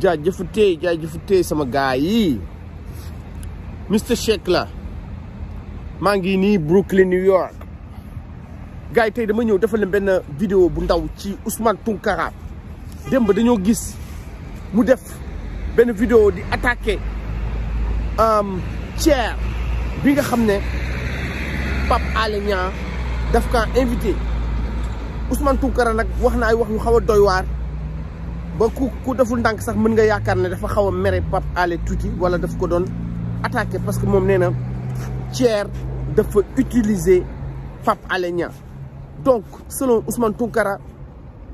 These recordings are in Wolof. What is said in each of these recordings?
jaajëfu tey jaajëfu tey sama gaay yi Mister Shake la maa ngi nii Brooklyn New York gars yi tey dama ñëw defal leen benn vidéo bu ndaw ci Ousmane Tounkara démb dañoo gis mu def benn video di attaqué Thier bi nga xam ne Pape Alé Niang daf kaa invité Ousmane Tounkara nag wax naa ay wax yu xaw a doy ba ku ku deful sax nga dafa xaw a mere Pape Alé tuuti wala daf ko parce que moom nee na Thier dafa utiliser Pape donc selon Ousmane Toukara,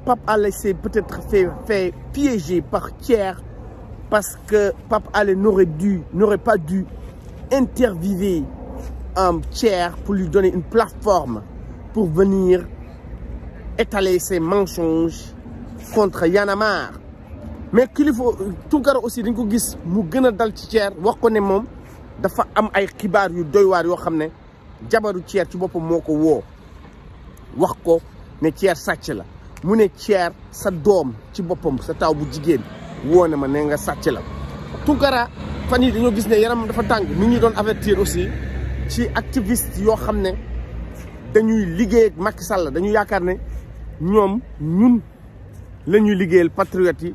Pape Alé s'est peut-être fait piéger par Thiers parce que Pape Alé n'aurait dû n'aurait pas dû interviewer um, Thiers pour lui donner une plateforme pour venir étaler ses mensonges contre Yanamar. mais kilifa Tounkara aussi dañ ko gis mu gën a dal ci Thier wax ko ne moom dafa am ay xibaar yu doy waar yoo xam ne jabaru Thier ci boppam moo ko woo wax ko ne Thier sàcc la mu ne Thier sa doom ci boppam sa taw bu jigéen woo ne ma ne nga sàcc la Tounkara fan yi dañoo gis ne yaram dafa tàng mi ngi doon avertir aussi ci activiste yoo xam ne dañuy liggéey ak Macky Sall dañuy yaakaar ne ñoom ñun la ñuy liggéeyal patriote yi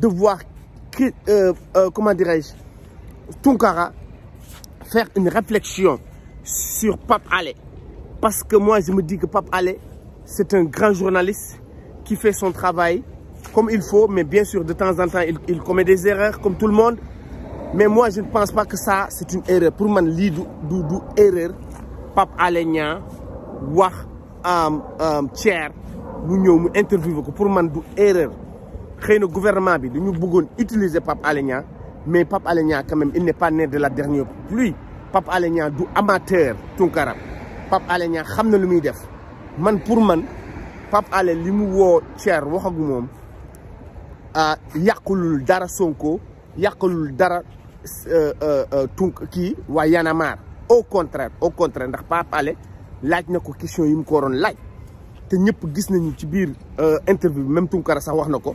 de voir, euh, euh, comment dirais-je, Tonkara faire une réflexion sur Pape Allais. Parce que moi, je me dis que Pape Allais, c'est un grand journaliste qui fait son travail comme il faut, mais bien sûr, de temps en temps, il, commet des erreurs, comme tout le monde. Mais moi, je ne pense pas que ça, c'est une erreur. Pour moi, c'est une erreur. Pape Allais Niang, wax, euh, Thier, nous interviewer. Pour moi, c'est erreur xëy na gouvernement bi dañu bëggone utiliser Pape Alé mais Pape Alé quand même il n'est pas né de la dernière pluie Pape Alé du amateur tunkara Pape Alé xamna lu muy def man pour man Pape Alé limu wo cher Thier wax ak ah yaqulul dara Sonko yaqulul dara euh, euh, euh, Tunk kii waa Y'en au contraire au contraire ndax Pape Alé laaj nako question yim ko ron laaj te ñëpp gis nañu ci biir interview même tunkara sax wax nako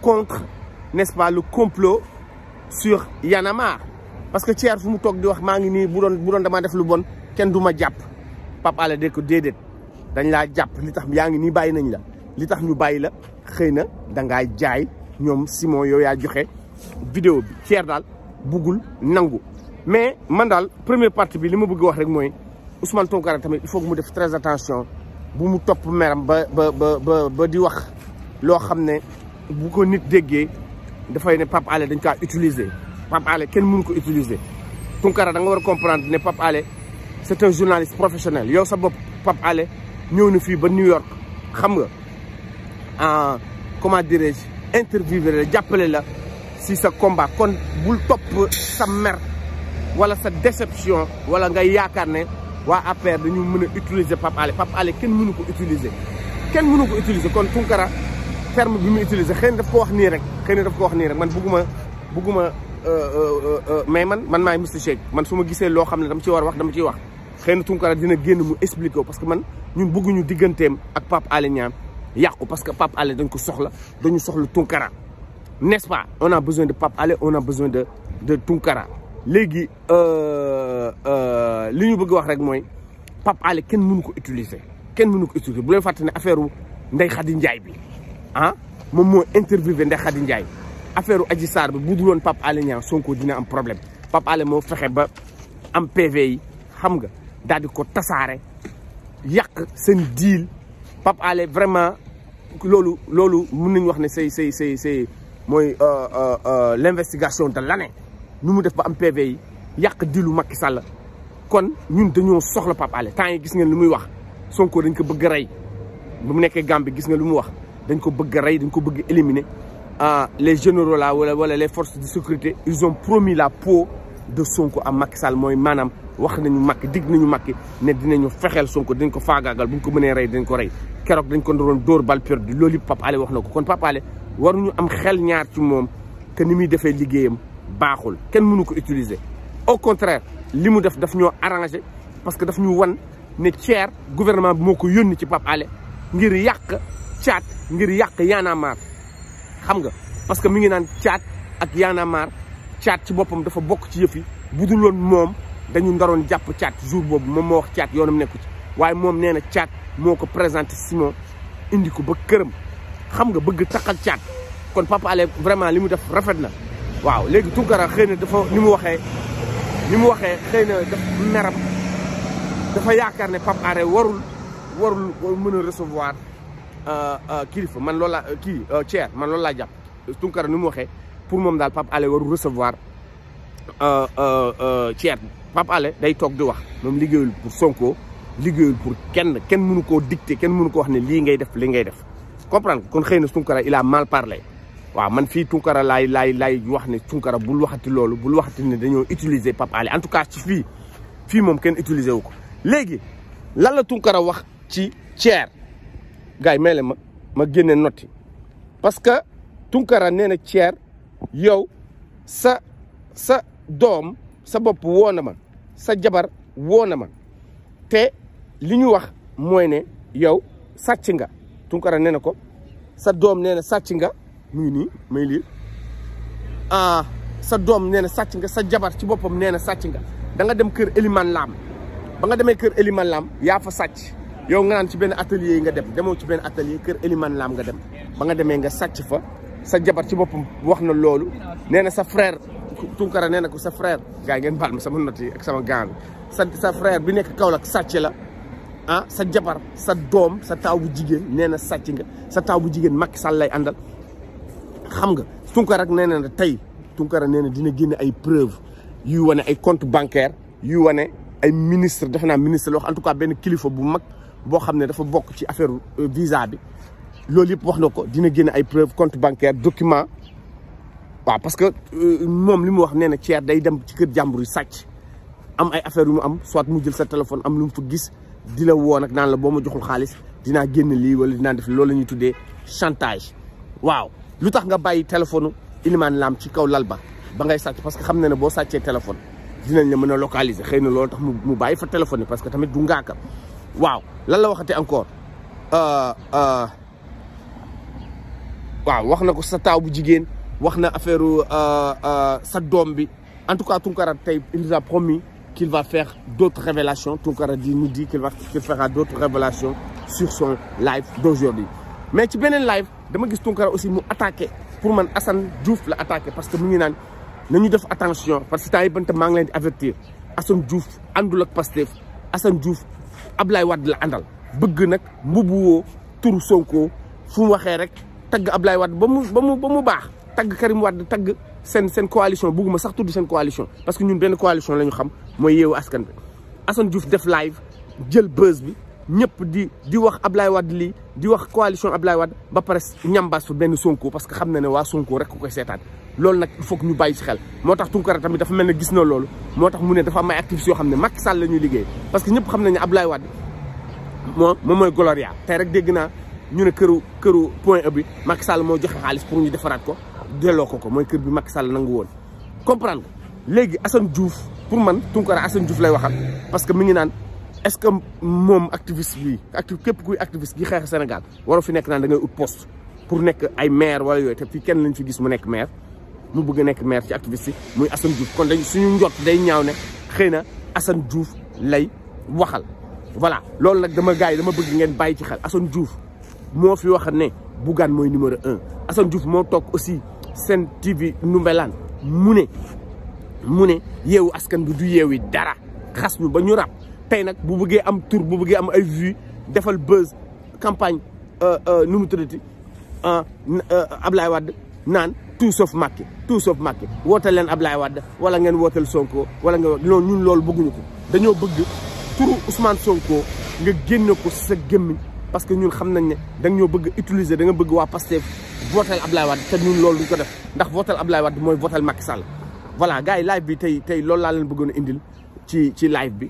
contre n'est-ce pas le complot sur Yanamar. parce que Thier fu mu toog di wax maa ngi bu doon bu doon damaa def lu bon kenn du ma jàpp Pape la Simon yow vidéo mais man première partie bi je bëgg wax Ousmane Tonkara, il faut que mu def très attention bu mu topp ba ba ba di wax bu ko nit déggee dafay ne Pape Alé dañ kaa utiliser Pape allé. Quel monde ko utiliser Ton cara nga war comprendre ne Pape Alé c'est un journaliste professionnel yow sa bopp Pape Alé ñëw na fii ba New York xam nga en comment dirais-je interviewé la jàppale si sa combat kon bul top sa mère. wala sa déception wala nga yaakaar ne waa perdre. dañu mën a utiliser allé, Alé allé. Quel monde qu'on ko utiliser monde qu'on ko utiliser kon cara ferme bi mu utiliser xëy na daf ko wax nii rek xëy na daf ko wax nii rek man bugguma bugguma euh, euh, euh, mais man man maay monsieur Cheikh man su ma gisee loo xam ne dama ci war wax dama ciy wax xëy na Tunkara dina génn mu expliquer parce que man ñun bëgguñu digganteem ak Pape Alé Niang yàqu parce que Pape Alé dañ ko soxla dañu soxla Tunkara n'est-ce pas on a besoin de Pape Alé on a besoin de de Tunkara léegi li ñu bëgg wax rek mooy Pape Alé kenn mënu ko utiliser kenn mënu ko utiliser bu leen fàtte ne affaire Ndeye Khady Ndiaye bi ah moom moo interviewé Ndeye Khady Ndiaye affaire Adji Sarr bi bu dul woon Pape Niang Sonko dina am problème Pape Alé mo fexé ba am PV yi xam nga daal di ko tasaare yàq seen deal Pape Alé vraiment lolu lolu mën nañu wax ne say say say say mooy euh, euh, euh investigation de l' année nu mu def ba am PV yi yàq dilu Macky Sall kon ñun dañu soxla Pape Alé tan yi gis ngeen lu muy wax Sonko dañ ko bëgg ray bu ba mu nekkee Gambie gis nga lu muy wax dañ ko bëgg a rey ko éliminer ah, les généraux là wala wala les forces de sécurité ils ont promis la peau de Sonko à Macky Sall mooy Manam. wax nañu Macky dig nañu Macky ne dinañu fexel Sonko dañ ko faagaagal buñ ko mënee ray, dañ ko ray. Kérok dañ ko doon dóor bal perdu loolu loli Pape Alé wax kon papa Alé waruñu am xel ñaar ci mom que ni muy defee liggéeyam baaxul mënu ko utiliser. au contraire limu def daf ñoo arranger parce que daf ñu wan né tiers gouvernement bi moko yoni ci Pape Alé ngir yak caat ngir yàq yaanaamaar xam nga parce que mi ngi naan caat ak yaanaamaar caat ci boppam dafa bokk ci yëf yi bu dul woon moom dañu ndaroon jàpp caat jour boobu moom moo wax caat yoonam nekku ci waaye moom nee na caat moo ko présenté Simon indi ko ba këram xam nga bëgg takkal caat kon Papa Alé vraiment li mu def rafet na waaw léegi Tounkara xëy na dafa ni mu waxee ni mu waxee xëy na daf meram dafa yaakaar ne Papa Alé warul warul mën a recevoir Euh, euh, kilifa man loolu laa kii euh, man loolu laa jàpp Tounkara ni mu waxee pour moom daal Pape Alé waru recevoir chair. Pape Alé day tok di wax mom ligueul pour Sonko ligueul pour kenn kenn munu ko dicter kenn munu ko wax ni li ngay def li ngay def comprendre kon xeyna tunkara il a mal parlé Wa man fii Tounkara lay lay laay wax ni tunkara bul waxati loolu bul waxati ni dañoo utiliser Pape Alé en tout cas ci fi fi mom kenn utiliser wu ko léegi lan la tunkara wax ci chair. gars yi may leen ma ma génne notti parce que Tunkara nee na Thier yow sa sa doom sa bopp woo na ma sa jabar woo na ma te li ñu wax mooy ne yow sàcc nga Tunkara nee na ko sa doom nee na sàcc nga mu nii may liir ah sa doom nee na sàcc nga sa jabar ci boppam nee na sàcc nga danga nga dem kër Eliman Lam ba nga demee kër Eliman Lam yaa fa sàcc yow nga nan ci ben atelier nga dem demo ci ben atelier keur eliman Lam nga dem ba nga demé nga sacc fa sa jabar ci bopum waxna lolu néna sa frère Tunkara néna ko sa frère gars ngeen balm sama noti ak sama gang sa sa frère bi nekk Kaolack sacc la ah sa jabar sa dom, sa taaw bu jigéen nee na nga sa taaw bu jigéen Macky Sall lay andal xam nga Tunkara nee néna tay Tunkara néna dina génne ay preuve yu wone ay compte bancaire yu wone ay ministre defna ministre lo wax en tout cas kilifa bu mak bo xamne dafa bok ci affaire visa bi lolou yep wax na dina guen ay preuve compte bancaire document wa parce que mom limu wax nee na day dem ci keur jambour yi satch am ay affaire yu mu am soit mu jël sa téléphone am lu mu fu gis dila wo nak nan la boma joxul khalis dina guen li wala dina def lolou lañuy tuddé chantage waaw lutax nga bàyyi téléphone iliman Lam ci kaw lalba ba ngay satch parce que xamne na bo satché téléphone dinañ la mëna localiser xeyna lolou tax mu bàyyi fa téléphone parce que tamit du ngaka waaw lan la waxate encore euh, euh, waaw wax na ko sa taaw bu jigéen wax na affaire euh, sa doom en tout cas Tonkara tey il nous a promis qu'il va faire d'autres révélations Tonkara di nous dit qu'il va faire fera d'autres révélations sur son live d'aujourd'hui mais ci beneen live dama gis Tonkara aussi mu attaqué pour man Assane Diouf la attaqué parce que mu ngi naan nañu def attention parce que temps yi banta maa ngi leen di avertir Assane Diouf àndul ak Pastef Assane Diouf Ablaye Wade la àndal bëgg nag mbubuwoo turu Sonko fu waxee rek tagg Ablaye Wade ba mu ba ba mu baax tagg Karim Wade tagg seen seen coalition bugguma sax tudd seen coalition parce que ñun benn coalition la ñu xam mooy yeewu askan bi Assane Diouf def live jël buzz bi ñëpp di di wax Ablaye Wade lii di wax coalition Ablaye Wade ba pare ñambaas fa benn Sonko parce que xam ne ne waa Sonko rek ku koy seetaan loolu nag il ñu bàyyi ci xel moo tax Tounkara tamit dafa mel ne gis na loolu moo tax mu ne dafa am ay yoo xam ne Macky Sall la ñuy liggéey parce que ñëpp xam nañu ne moom moom mooy Gloria tey rek dégg naa ñu ne këru këru point e bi Macky Sall moo joxe xaalis pour ñu defaraat ko delloo ko ko mooy kër bi Macky Sall nangu woon. comprendre léegi Assane Diouf pour man Tounkara Assane Diouf lay waxal parce que mi ngi naan est-ce que moom activiste bi acti képp kuy activiste gi xeex Sénégal waroo fi nekk naan da ngay post pour nekk ay maire wala yooyu te fii kenn lañ gis mu nekk maire. mu bëgg nekk maire ci activiste yi muy Assane Diouf kon dañ suñu day ñaaw ne xëy Assane Diouf lay waxal. voilà loolu nag dama gars yi dama bëgg ngeen bàyyi ci xel Assane Diouf moo fi wax ne numéro un Assane Diouf moo aussi seen TV Nouvelan mu ne mu ne askan bi du yeewi dara xas ñu ba ñu rab bu am tour bu bëggee am ay vues defal buzz campagne euh, euh, nu mu tuddati euh, Ablaye Wade tout sauf Macky tout sauf Macky wootal leen Ablaye Wade wala ngeen wootal Sonko wala nga loolu ñun loolu bëgguñu ko dañoo bëgg turu Ousmane Sonko nga génne ko sa gémmiñ parce que ñun xam nañ ne da ñoo bëgg utiliser da bëgg waa Pastef votal Ablaye Wade te loolu duñ ko def ndax votal Ablaye Wade mooy votal Macky Sall voilà gars yi live bi tey tey loolu laa leen bëggoon a ci ci live bi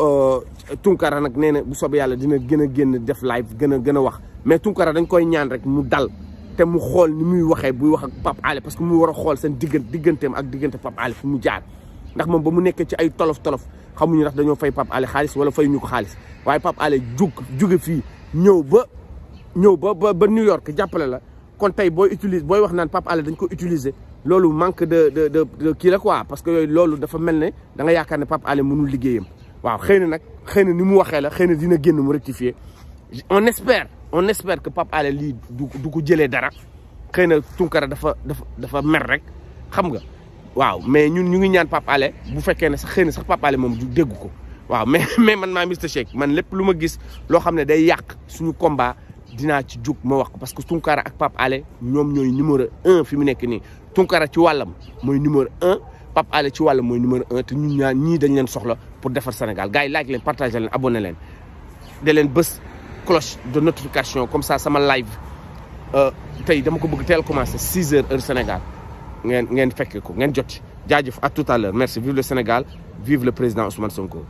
euh, Tunkara nag nee na bu soobee yàlla dina gën a génn def live gën gën wax mais Tunkara dañ koy ñaan rek mu dal te mu xool ni muy waxee buy wax ak Pape Alé parce que mu war a xool seen diggante digganteem ak diggante Pape Alé fu mu jaar ndax moom ba mu nekkee ci ay tolof tolof xamuñu ndax dañoo fay Pape Alé xaalis wala fay ñu ko xaalis waaye Pape Alé jug juge fii ñëw ba ñëw ba ba ba New York jàppale la kon tey booy utilise booy wax naan Pape Alé dañ ko utiliser loolu manque de de de kii la quoi parce que yooyu loolu dafa mel ne da nga yaakaar ne Pape Alé mënul liggéeyam waaw xëy na nag xëy na ni mu waxee la xëy na dina génn mu rectifier on espère. on espère que Pape Alé du ko jélé dara xëy Tunkara dafa dafa mer rek xam nga waaw mais ñun ñu ngi ñaan Pape Alé bu fekkee ne sax xëy na sax Pape Alé moom du dégg ko waaw mais mais man ma mr Shake man lepp luma gis lo xamné day yak suñu combat dina ci jóg ma wax ko parce que Tunkara ak Pape Alé ñom ñoy numéro 1 fi mu nekk ni Tunkara ci walam moy numéro 1 Pape Alé ci walam moy numéro 1 te ñun ñaan ñi dañ leen soxla pour defar Sénégal gaay yi laaj leen partager leen abonné leen de leen bés cloche de notification comme ça ça m'a live euh, tay dama ko bëgg tel commencé 6 heures heure Sénégal ngén ngén féké ko ngén jot à tout à l'heure merci vive le Sénégal vive le président Ousmane Sonko.